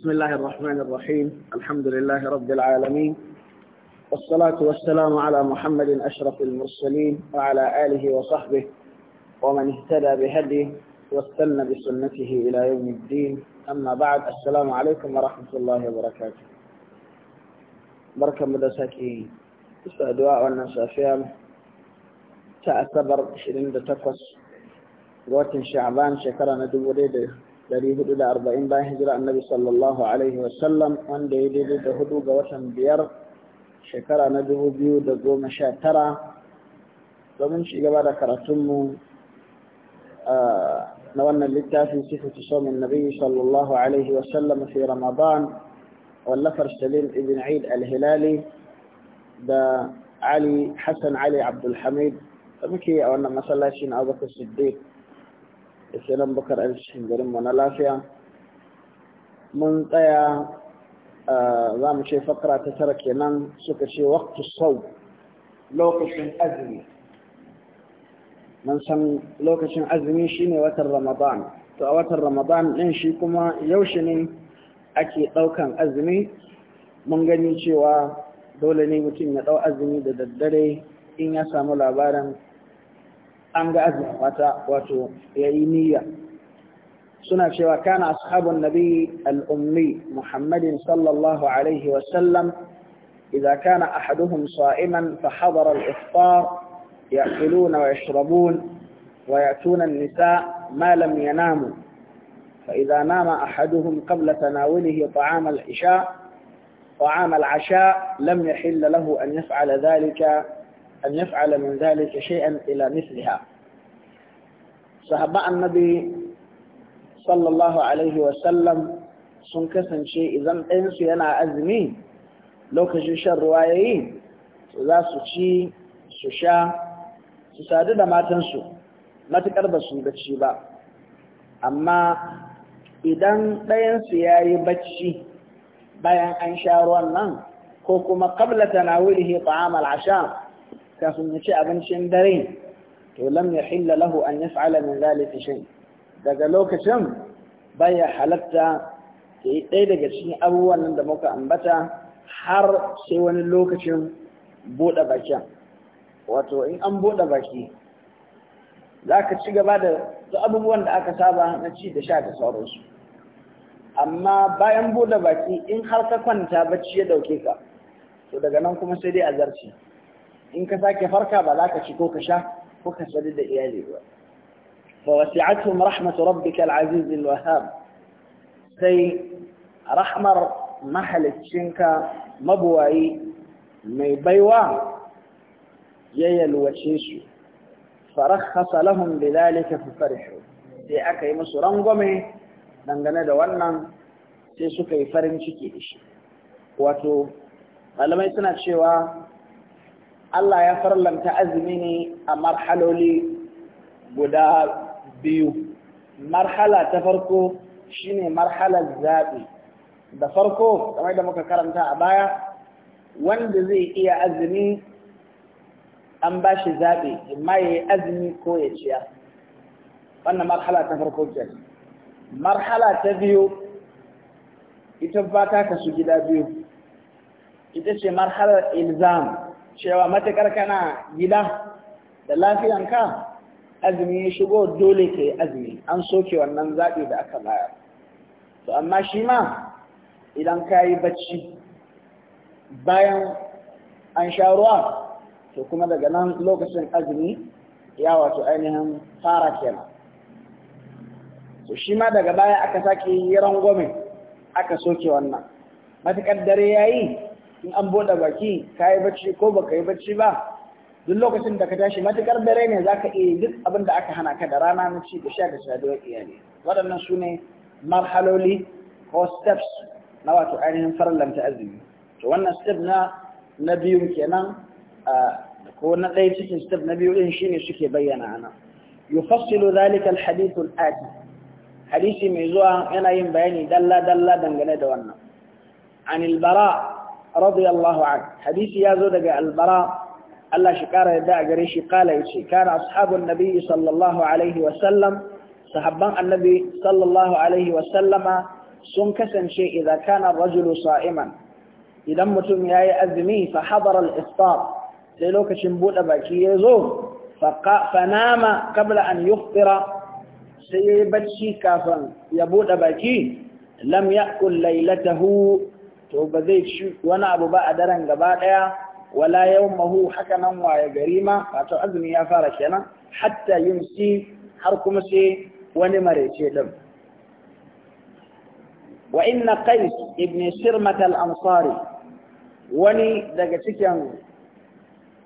بسم الله الرحمن الرحيم الحمد لله رب العالمين والصلاة والسلام على محمد أشرف المرسلين وعلى آله وصحبه ومن اهتدى بهديه واستنى بسنته إلى يوم الدين أما بعد السلام عليكم ورحمة الله وبركاته بركة مدسكي والناس والنسافيان تأثبر دتفس واتن شعبان شكرا ندوه dari hudu da arba'in bayan hijira annabi sallallahu alaihi wasallam wanda ya daidai da hudu ga watan biyar shekara na dubu biyu da goma sha tara domin ci gaba da karatunmu na wannan littafin sifatu saumin nabi sallallahu alaihi wasallam fi ramadan wallafar salim ibn aid al-hilali da ali hassan ali abdulhamid da muke a wannan masallacin abubakar siddiq da shirin bakar arzikin garin garinmu na lafiya mun tsaya za mu ce fakara ta tara kenan suka ce waktu sau lokacin azumi mun san lokacin azumi shine watan ramadan to a watan ramadan ɗin shi kuma yaushe ne ake ɗaukan azumi mun gani cewa dole ne mutum ya ɗau azumi da daddare in ya samu labarin an ga azumata wato yayi niyya suna cewa kana ashabun nabi al-ummi muhammadin sallallahu alaihi إذا كان أحدهم صائما فحضر الإفطار يأكلون ويشربون ويأتون النساء ما لم يناموا فإذا نام أحدهم قبل تناوله طعام العشاء طعام العشاء لم يحل له أن يفعل ذلك أن يفعل من ذلك شيئا إلى مثلها صحابة النبي صلى الله عليه وسلم سنكسا شيء إذا انسي أنا أزمي لو كجوش الروايين إذا سوشي سوشا سسادد ما تنسو ما تكربسوا بتشي با أما idan ɗayan أي yayi bacci bayan an sha ruwan nan ko kuma kafin ya ci abincin dare to lam ya hilla lahu an yaf'ala min zalika shay daga lokacin baya halatta ya yi ɗaya daga cikin abubuwan da muka ambata har sai wani lokacin bude bakin wato in an buɗe baki zaka ci gaba da abubuwan da aka saba na ci da sha da sauransu amma bayan buɗe baki in har ka kwanta bacci ya ɗauke ka to daga nan kuma sai dai azarci in ka sake farka ba za ka ci ko ka sha ko ka sadu da iyali ba fa wasi'atuhum rahmatu rabbika al-aziz al-wahhab sai rahmar mahalicinka mabuwayi mai baiwa ya yalwace su farakhasa lahum bidhalika fa farihu sai aka yi musu rangwame dangane da wannan sai suka yi farin ciki da shi wato malamai suna cewa Allah ya farlanta azumi ne a marhaloli guda biyu marhala ta farko shine marhalar zaɓi da farko kamar da muka karanta a baya wanda zai iya azumi an ba shi zaɓi amma ya yi azumi ko ya ciya wannan marhala ta farko ke marhala ta biyu ita ba ta kasu gida biyu ita ce marhalar ilzam cewa matakar kana gida da lafiyanka azumi ya shigo dole ka yi azumi an soke wannan zaɓi da aka bayar to amma shi ma idan ka yi bacci bayan an sha ruwa to kuma daga nan lokacin azumi ya wato ainihin fara kenan to shi ma daga baya aka sake yi rangwame aka soke wannan matuƙar dare ya yi in an buɗe baki ka yi bacci ko baka yi bacci ba duk lokacin da ka tashi matukar dare ne za ka iya duk abin da aka hana ka da rana na ci da sha da saduwar iyali waɗannan su ne marhaloli ko steps na wato ainihin farallanta azumi to wannan step na na biyu kenan ko na ɗaya cikin step na biyu ɗin shine suke bayyana ana yufassilu zalika alhadith alati hadisi mai zuwa yana yin bayani dalla dalla dangane da wannan an albara radiyallahu anhu hadisi ya zo daga albara Allah shi kara yadda a gare shi kala yace kana ashabun nabi sallallahu alaihi wa sallam sahabban annabi sallallahu alaihi wa sallama sun kasance idza kana rajulu sa'iman idan mutum yayi azumi fa hadara al-iftar sai lokacin bude baki ya zo fa fanama qabla an yuftira sai bacci kafin ya bude baki lam ya'kul to ba zai ci wani abu ba a daren gaba ɗaya wala yawon mahu haka nan waye gari ma wato azumi ya fara kenan hatta yin si har kuma sai wani marece ɗin wa inna qais ibn sirmat al-ansari wani daga cikin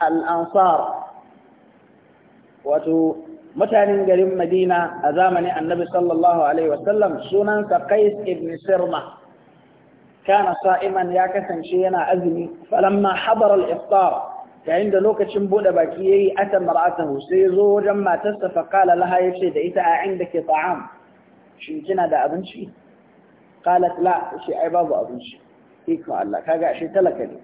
al-ansar wato mutanen garin madina a zamanin annabi sallallahu alaihi wasallam sunansa qais ibn sirma kana sa'iman ya kasance yana azumi falamma habara al-iftar yayin da lokacin buɗe baki yayi ata mar'atahu sai zo wajen matarsa fa qala laha yace da ita a inda ke ta'am shin kina da abinci qalat la shi ai babu abinci iko Allah kaga talaka ne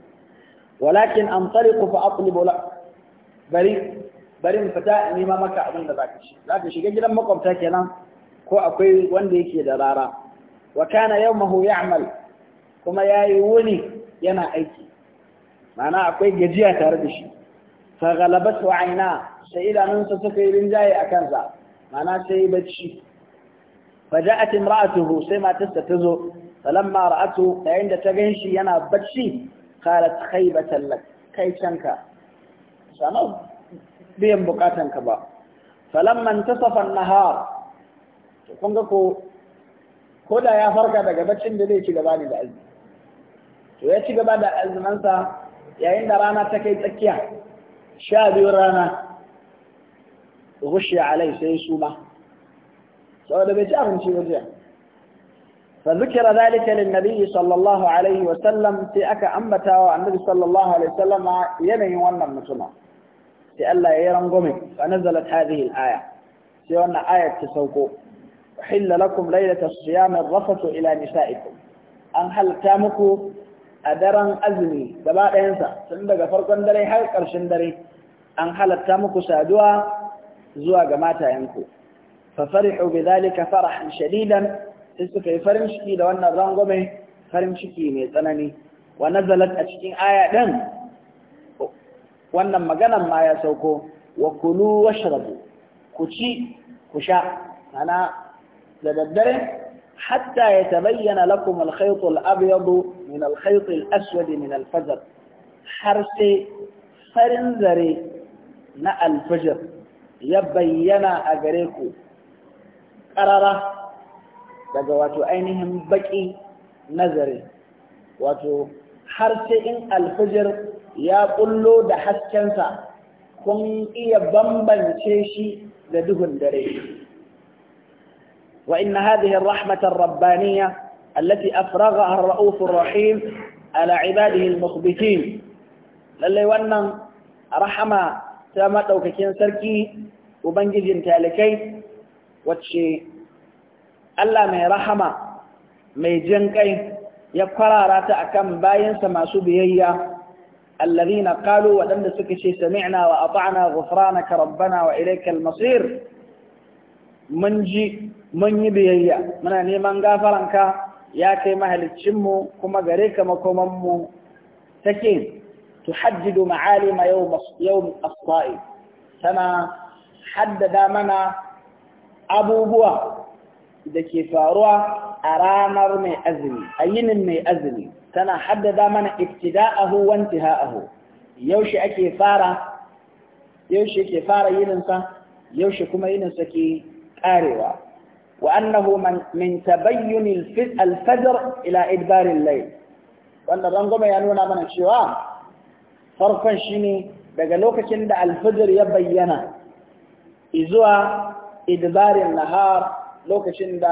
bari mu fita nema maka abin da zaka ci zaka shiga gidan makwabta kenan ko akwai wanda yake da rara wa kana yawmahu ya'mal kuma ya yi wuni yana aiki mana akwai gajiya tare da shi faghalabatu aina sai idanunsa suka yi rinjaye a kansa mana sai yi bacci faja'at imra'atuhu sai matarsa ta zo mara atu. yayin da ta ganshi yana bacci qalat khaybatan lak kai canka sana biyan bukatanka ba falamma intasafa an-nahar kun ga ko ko da ya farka daga baccin da zai ci gaba ne da azumi to ya ci gaba da azumansa yayin da rana ta kai tsakiya sha biyu rana rushe alai sai su saboda bai ci abinci ba jiya فذكر ذلك للنبي صلى الله عليه وسلم في أكا أنبتا والنبي صلى الله عليه وسلم ينهي وانا متنا في ألا يرنقمي فنزلت هذه الآية في أن آية تسوقوا حل لكم ليلة الصيام الرفث إلى نسائكم أن هل تامكوا a daren azumi gaba ɗayansa tun daga farkon dare har ƙarshen dare an halatta muku saduwa zuwa ga matayenku fa farihu bi zalika farahan shadidan sai suka yi farin ciki da wannan rangwame farin ciki mai tsanani wa nazalat a cikin aya din wannan maganan ma ya sauko wa kulu ku ci ku sha ana da daddare حتى يتبين لكم الخيط الأبيض من الخيط الأسود من الفجر حرسي فرنزري نا الفجر يبين أغريكو قررة دقوات أينهم بكي نظري wato har sai in alfijir ya kullo da haskensa kun iya bambance shi da duhun dare وإن هذه الرحمة الربانية التي أفرغها الرؤوف الرحيم على عباده المخبتين للي ونن رحمة سامت أو كتين سركي وبنجز انتالكي وتشي ألا مي رحمة مي جنكي يقرى رات أكم باين سما بيهيا الذين قالوا ودن سكشي سمعنا وأطعنا غفرانك ربنا وإليك المصير منجي mun yi biyayya muna neman gafaranka ya kai mu kuma gare ka makomanmu take haddidu ma'alima yawm as-sa'i tana haddada mana abubuwa da ke faruwa a ranar mai azumi a yinin mai azumi tana haddada mana ibtida'ahu wa intiha'ahu yaushe ake fara yaushe ke fara yininsa yaushe kuma yininsa ke karewa وأنه من, من تبين الفجر إلى إدبار الليل وأن الرنظم ينون من الشواء فرقا شيني دقلوك شند الفجر يبين إزوى إدبار النهار لوك شند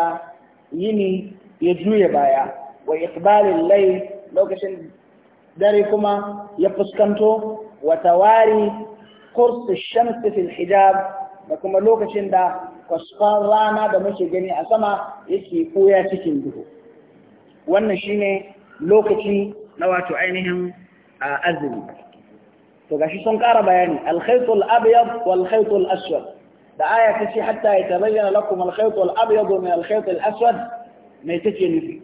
يني يجوي بايا وإقبال الليل لوك شند داركما يفسكنتو وتواري قرص الشمس في الحجاب لكما لوك شند kwasfan rana da muke gani a sama yake koya cikin duhu wannan shine lokaci na wato ainihin azumi to gashi sun ƙara bayani alkhaytul abyad wal khaytul aswad da aya ta ce hatta ya tabayyana lakum alkhaytul abyad min alkhaytul aswad mai take nufi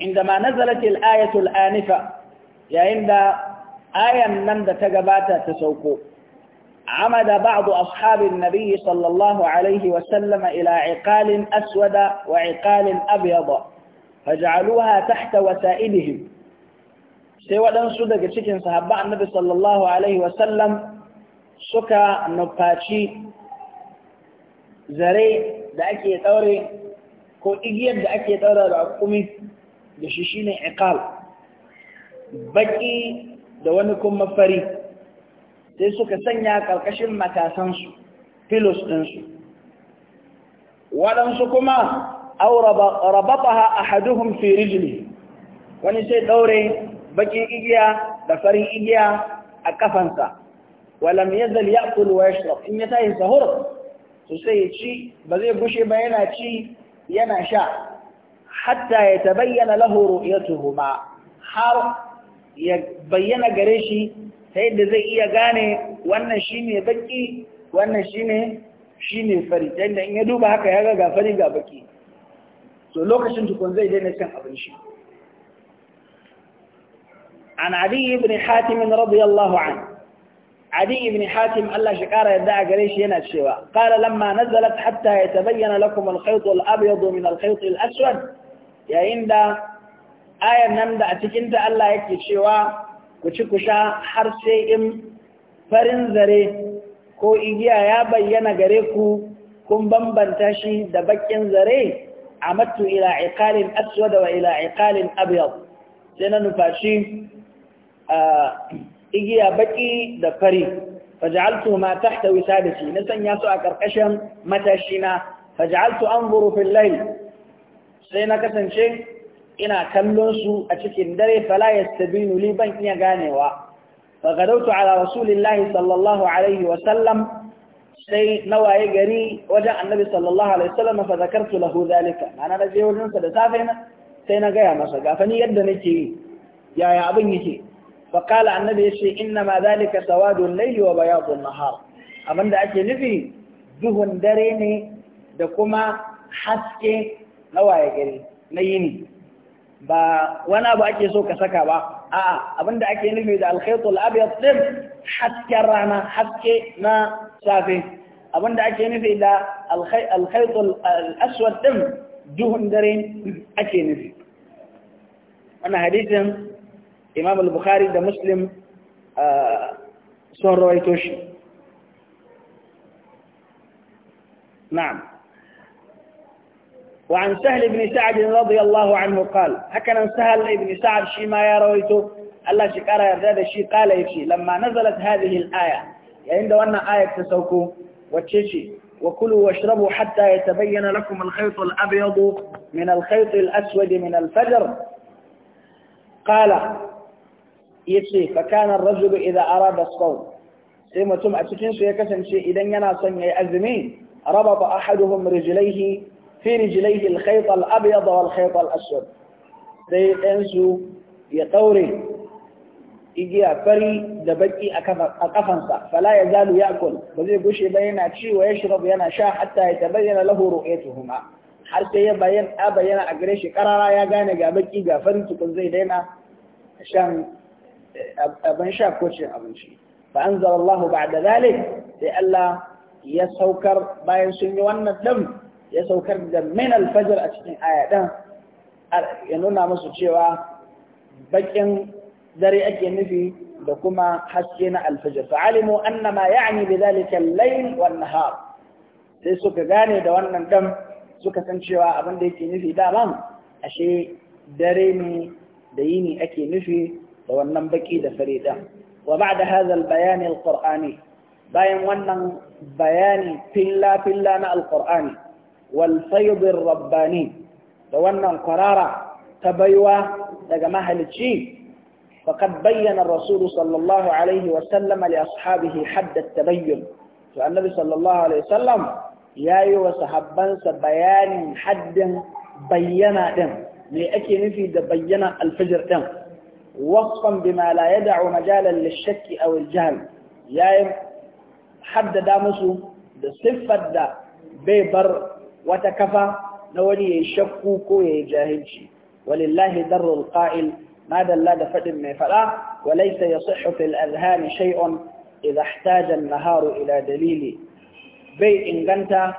عندما نزلت الآية الآنفة يا عند آية من تجبات تسوقوا عمد بعض أصحاب النبي صلى الله عليه وسلم إلى عقال أسود وعقال أبيض فجعلوها تحت وسائلهم سوى دنسو دك تشكين صحابة النبي صلى الله عليه وسلم سكا نباتشي زري دأكي يتوري ko igiyar da ake daura da akumi da shi shine iqal baki da wani kuma fari sai suka sanya ƙarƙashin matasansu filos ɗinsu waɗansu kuma au rabataha ahaduhum fi rijli wani sai ɗaure baƙin igiya da farin igiya a ƙafansa walam yazal Kulu wa yashrab in ya tayi sahur to sai ya ci ba zai gushe ba yana ci yana sha hatta ya tabayyana ya tuhuma. har ya bayyana gare shi ta yadda zai iya gane wannan shi ne baki wannan shi ne shi ne fari ta yadda in ya duba haka ya ga fari ga baki so lokacin tukun zai daina cin abin shi an adi ibn hatim radiyallahu an adi ibn hatim Allah shi kara yadda a gare shi yana cewa qala lamma nazalat hatta yatabayyana lakum al-khayt al-abyad min al-khayt al-aswad yayin da ayan nan da a cikin ta Allah yake cewa ku ci ku sha har sai in farin zare ko igiya ya bayyana gare ku kun bambanta shi da bakin zare a matu ila iqalin aswada wa ila iqalin abyad sai na nufashi igiya baki da fari faj'altu ma tahta wisadati na sanya su a karkashin matashina faj'altu anzuru fil layl sai na kasance ina kallon su a cikin dare fala yastabinu li ban iya ganewa fa gadautu ala rasulillahi sallallahu alaihi wa sallam sai nawaye gari wajen annabi sallallahu alaihi wa sallam fa zakartu lahu zalika ana da je sa da safe na sai na gaya masa gafani yadda nake yi yaya abin yake fa qala annabi yace inna ma zalika sawadul layli wa bayadun nahar abinda ake nufi duhun dare ne da kuma haske nawaye gari na yini ba wani abu ake so ka saka ba a'a abinda ake nufi da alkhaitul abyad din hasken rana haske na safe abinda ake nufi da alkhaitul aswad din duhun dare ake nufi wannan hadisin imam al-bukhari da muslim ah, sun rawaito shi na'am وعن سهل بن سعد رضي الله عنه قال هكذا سهل بن سعد شيما يا رويته الله شكرا يرد شي قال شي لما نزلت هذه الآية يعني أن آية تسوكو وتشي وكلوا واشربوا حتى يتبين لكم الخيط الأبيض من الخيط الأسود من الفجر قال يشي فكان الرجل إذا أراد الصوم سيما تم أتكين سيكسن شيء إذن ينا صنعي أزمين ربط أحدهم رجليه في رجليه الخيط الأبيض والخيط الأسود ذي تنسو يطوري إجي أفري دبكي أقفنسا فلا يزال يأكل وذي قشي بينا تشي ويشرب ينا شا حتى يتبين له رؤيتهما حتى يبين أبا ينا أقريشي قرارا يا بكي قابكي قافري تكون زي دينا عشان أبن شا كوشي أبن شي فأنزل الله بعد ذلك لألا يسوكر باين سنوان الدم ya saukar da min alfajar a cikin aya ɗin ya nuna musu cewa baƙin dare ake nufi da kuma haske na alfajar fa'alimu annama ya bi zalika al-layl wan nahar sai suka gane da wannan dan suka san cewa abin da yake nufi daban. ashe dare ne da yini ake nufi da wannan baki da fare din wa ba'da hadha al-bayan bayan wannan bayani filla filla na al والفيض الرباني دوانا القرارة تبيوا لجماها للشيء فقد بين الرسول صلى الله عليه وسلم لأصحابه حد التبين فالنبي صلى الله عليه وسلم يا أيها صحابان بيان حد بينا دم لأكي نفي بينا الفجر دم وصفا بما لا يدع مجالا للشك أو الجهل يا حد دامسو بصفة siffar da wata kafa na wani ya yi shakku ko ya yi jahilci walillahi darrul qa'il ma dalla da faɗin mai faɗa walaysa yasihhu fil adhan shay'un idha ihtaja an-naharu ila dalili bai inganta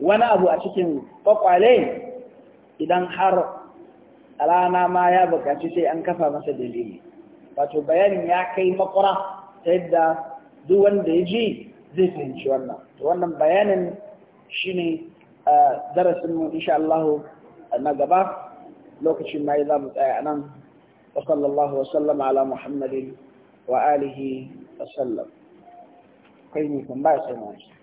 wani abu a cikin kwakwale idan har rana ma ya bukaci sai an kafa masa dalili wato bayanin ya kai makura ta yadda duk wanda ya ji zai fahimci wannan to wannan bayanin shine darasin mu insha Allah na gaba lokacin mai za mu tsaya nan wa sallallahu wa sallama ala muhammadin wa alihi wa sallam kai ne kan ba sai mu